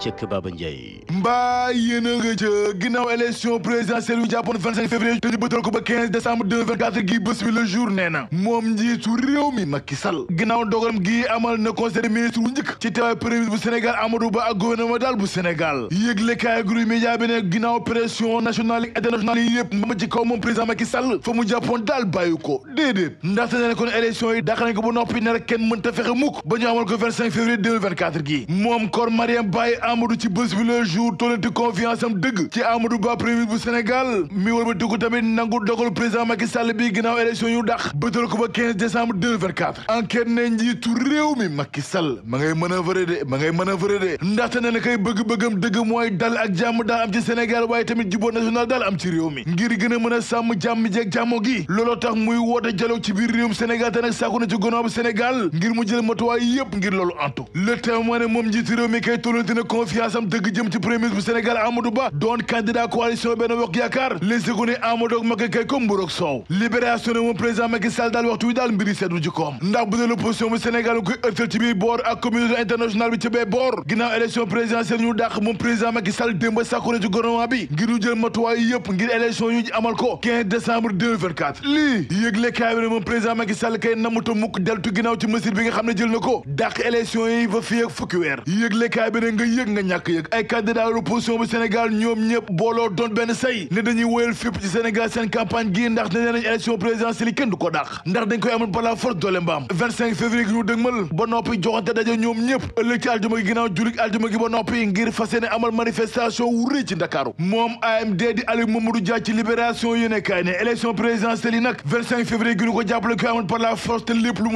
cëkk Baba Ndiaye mbaa yéen a nga ca ginnaaw élection présidentielle yu jàppoon 25 février te ñu bëtal ko ba 15 décembre 2024 gi bés bi le na moom njiitu réew mi Macky Sall ginnaaw dogalam gi amal na conseil des ministres bu njëkk ci teewaay premier bu Sénégal Amadou Ba ak gouvernement daal bu Sénégal yëgle kaay groupe média bi ne ginnaaw pression nationale ak internationale yi yëpp ma ci kaw moom président Macky fa mu jàppoon daal bàyyi ko déedéet ndaxte Amadou ci bés bi le jour tollati confiance am dëgg ci Amadou Ba premier bu Sénégal mi war ba dugg tamit nangu dogal président Macky Sall bi ginnaaw élection yu dàq ma ngay manœuvrer de ma ngay manœuvrer de ndaxte ne na kay bëgg-bëggam dëgg mooy dal jàmm daal am ci Sénégal waaye tamit jubóo national daal am ci réew mi ngir gën a mën a sàmm jàmm jeeg jàmmo gi looloo tax muy woote dialogue ci biir réewum Sénégal te nag sàkku na ci gouvernement bu Sénégal ngir mu jël matuwaay yépp ngir loolu antu le témoin ne moom njiitu réew mi kay tollanti na confiance am dëgg jëm ci premier ministre waxtu wi daal mbiri seetlu ci koom ndax bu dee l'opposition bu Sénégal koy ërtal ci biir boor ak communauté internationale bi ci bee boor ginnaaw élection présidentielle ñu dàq moom président Macky Sall démb sàkku na ci gouvernement bi ngir ñu jël matuwaay yëpp ngir élection yu amal ko 15 décembre 2024 lii yëgle kaay bi ne moom président Macky Sall kay namuta mukk deltu ginnaaw ci mesure bi nga xam ne jël na ko dàq élection yi nga ñàkk yëg ay candidat l'opposition bu Sénégal ñoom ñëpp booloo doon benn say ne dañuy wéyal fépp ci Sénégal seen campagne gi ndax ne nee nañ élection présidentielle kenn du ko dàq ndax dañ koy amal par la force doole mbaam février gi ñu dëgmal ba noppi joxante daje ñoom ñëpp ëllëg ci aljuma gi ginnaaw julik aljuma gi ba noppi ngir fas yéene amal manifestation wu ci Ndakaaru moom AMD di Aliou Mamadou Dia ci mu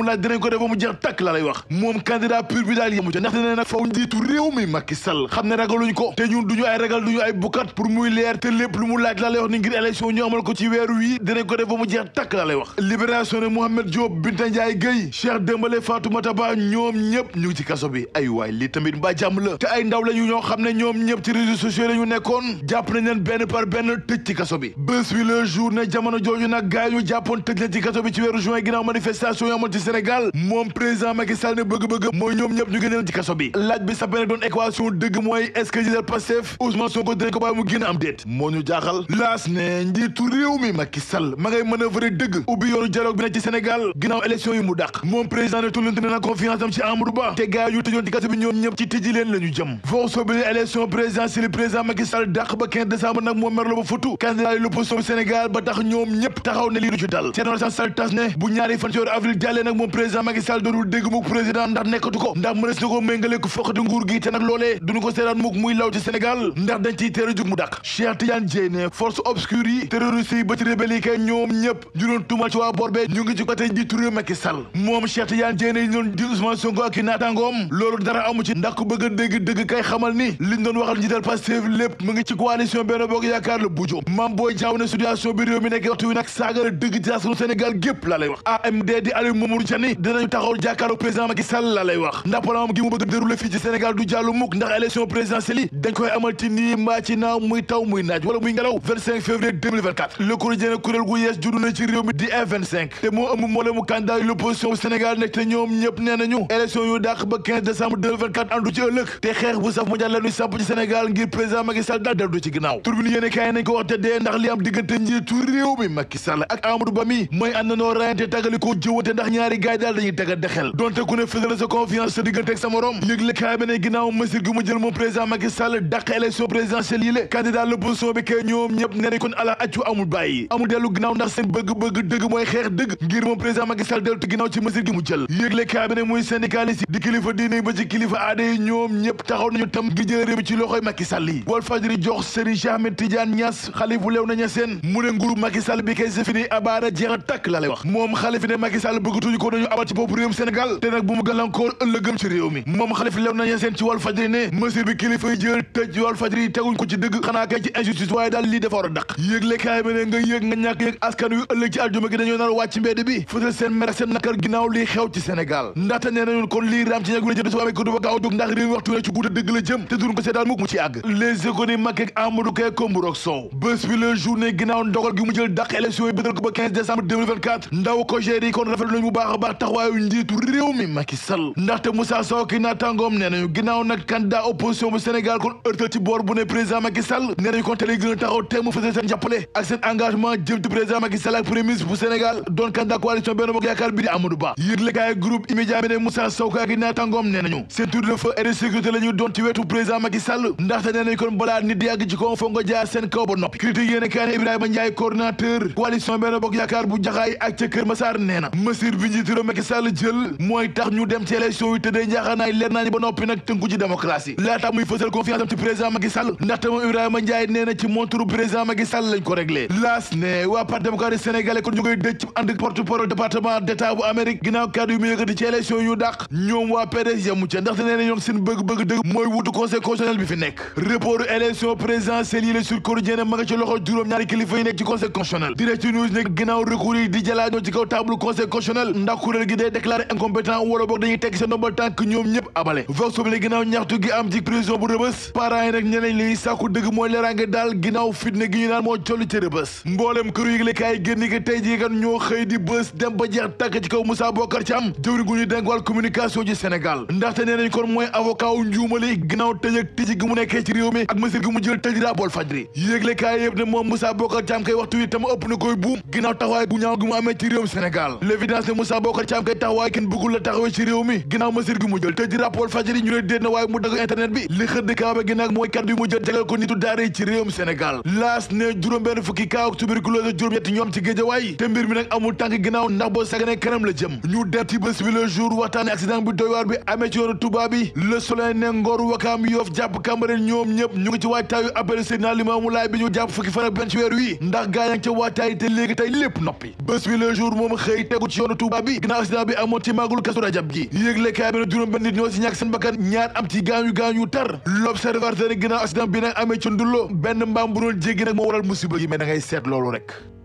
laaj dinañ ko def ba mu Sall xam ne ragaluñ ko te ñun duñu ay ragal duñu ay bukkat pour muy leer te lépp lu mu laaj laa wax ni ngir élection ñu amal ko ci weeru wi dinañ ko def mu jeex takk laa wax libération ne Mouhamed Diop Binta Ndiaye Gueye Cheikh Dembélé Fatoumata Ba ñoom ñëpp ñu ci kaso bi ay waay lii tamit mbaa jàmm la te ay ndaw la ñu ñoo xam ne ñoom ñëpp ci réseaux sociaux la ñu nekkoon jàpp nañ leen benn par benn tëj ci kaso bi bés wi le jour ne jamono jooju nag gaay ñu jàppoon tëj la ci kaso bi ci weeru juin ginnaaw manifestation yu ñëpp ñu génn dëgg mooy est-ce que jiital Pastef Ousmane Sonko dinañ ko bàyyi mu génn am déet moo ñu jaaxal laas ne njiitu réew mi Macky Sall ma ngay manœuvrer dëgg ubbi yoonu dialogue bi ne ci Sénégal ginnaaw élection yi mu dàq moom président ne tullante ne confiance am ci Amadou Ba te gaay tëjoon ci kaso ñoom ñëpp ci tëji leen la ñu jëm foo soobee élection président Macky Sall dàq ba 15 décembre nag moo merlo ba futu candidat yi Sénégal ba tax ñoom loolee duñu ko seetaan mukk muy law ci Sénégal ndax dañ ciy teer a jug mu dàq Cheikh Tidiane Dièye ba ci rebelle kay ñoom ñëpp ñu doon tuumal ci waa borbe ñu ngi ci côté njiitu réew Macky Sall moom Cheikh Tidiane Dièye ñu doon di Ousmane Sonko ak i naataangoom loolu dara amu ci ndax ku bëgg a dégg dëgg kay xamal ni li doon waxal njiital Pastef lépp mu ngi ci coalition Benno Bokk Yaakaar la bujo mam booy jaaw ne situation bi réew mi nekk waxtu wi nag saagara dëgg ci Sénégal gépp la lay wax AMD di Aliou Mamadou Diané dinañu du jàllu ndax élection présidentielle yi dañ koy amal ci nii mbaa ci naaw muy taw muy naaj wala muy ngelaw février 2024 le kuréel gu yees juddu na ci réew mi di f te moo ëmb mboolemu candidat yi l'opposition bu Sénégal nekk te ñoom ñëpp nee nañu yu dàq ba 15 ci ëllëg te xeex bu saf mu lañuy sàpp ci Sénégal ngir président Macky Sall daal dellu ci ginnaaw turbine yéene kaay nañ ko wax dee ndax li am diggante njiitu réew mi Macky ak Amadou Ba mi mooy àndanoo rayante tàggali mu jël moom président Macky Sall dàq présidentielle yi lé candidat bi kay ñoom ñëpp ne kon ala accu amul bàyyi amul dellu ginnaaw ndax seen bëgg-bëgg dëgg mooy xeex dëgg ngir moom président Macky Sall deltu ginnaaw ci mesure gi mu jël yéegle cabinet muy syndicaliste yi di kilifa diine ba ci kilifa aada yi ñoom ñëpp taxaw nañu tam gi jël réew mi ci loxoy Macky Sall yi Walf Fadjri jox Serigne Cheikh Ahmed Tidiane Niass xalifu lew na ñaseen mu ne nguuru Macky Sall bi kay sa fini abaara a tàkk la lay wax moom xalifi ne ne mesure bi kilifa yi jël tëj Walf Fadjri teguñ ko ci dëgg xanaa kay ci injustice waaye daal lii dafa war a dàq yëglekaay bi ne nga yëg nga ñàkk yëg askan wi ëllëg ci aljuma gi dañoo nar wàcc mbedd bi fësal seen mer seen nakar ginnaaw lii xew ci Sénégal ndaxte nee nañu kon lii raam ci ñag wi la jëm te duñ mukk mu ci àgg les économies makkeeg Amadou Kay komburoog soow bés bi le journée ginnaaw ndogal gi mu jël dàq élection yi bëtal ko ba 15 a candidat opposition bu Sénégal kon heurtal ci boor bu ne président Macky Sall nee nañu kon te lay gën a taxaw te mu seen jàppale ak seen engagement jëm ci président Macky Sall ak premier bu Sénégal doon candidat coalition Benno Bokk Yaakaar bi di Amadou Ba yëglekaay groupe immédiat bi ne Moussa Sow ak naataangoom nee nañu seen tour de feu et sécurité la ñu doon ci wetu président Macky Sall ndaxte nee nañu kon balaa nit di ci kaw foog jaar seen kaw ba noppi démocratie laata muy confiance am ci président Macky ndaxte moom Ibrahima Ndiaye nee na ci montre président Macky Sall ko réglé laas ne waa parti démocratique sénégalais kon ñu koy dëcc ànd porte-parole département bu Amérique ginnaaw kàddu yu mu yëkkati ci élection yu dàq ñoom waa PDS yamu ca ndaxte nee na ñoom seen bëgg-bëgg dëgg mooy wutu conseil constitutionnel bi fi nekk report élection présidentielle yi sur quotidien ne ci loxo am ci prison bu rëbës parents yi nag ñeneen li sàkku dëgg mooy leeraange daal ginnaaw fitna gi ñu naan moo colli ci rëbës mboolem këru yëglekaay génn ni que tey jii njuumali ginnaaw tëj ak tëj gi mu nekkee ci réew mi ak mesure gi mu jël tëj daa bool fajri yëglekaay yëpp ne moom Moussa Bokar Thiam kay waxtu wi tam ëpp na koy buum ginnaaw taxawaay gi mu amee ci réew mi Sénégal l'évidence ne Moussa Bokar gi mu jël tëj rapport fajri ñu ne déet na waaye internet bi li xëdd kaaba gi nag mooy kaddu yu mu jot jagal ko nitu daara ci réewum Sénégal laas ne juróom-benn fukki kaa ak juróom-ñetti ñoom ci géejawaay te mbir mi nag amul tànk ginnaaw ndax boo sagane kanam la jëm ñu def ci bés bi le jour waxtaane accident bi doy waar bi amee ci yoonu Tuubaa bi le soleil ne Ngor Wakaam Yoof jàpp Cambérène ñoom ñëpp ñu ngi ci waajtaayu appel Seydina Limaamu Laay bi ñu jàpp fukki fan benn ci weer wi ndax gi yéegle kaay bi ne juróom-benn nit ñoo ci ñàkk seen bakkan ñaar am gaañu-gaañu tar l'observateur ne ginnaaw accident bi nag amee ci benn mbaam bu doon jéggi nag moo waral musiba gi mais da ngay seet loolu rek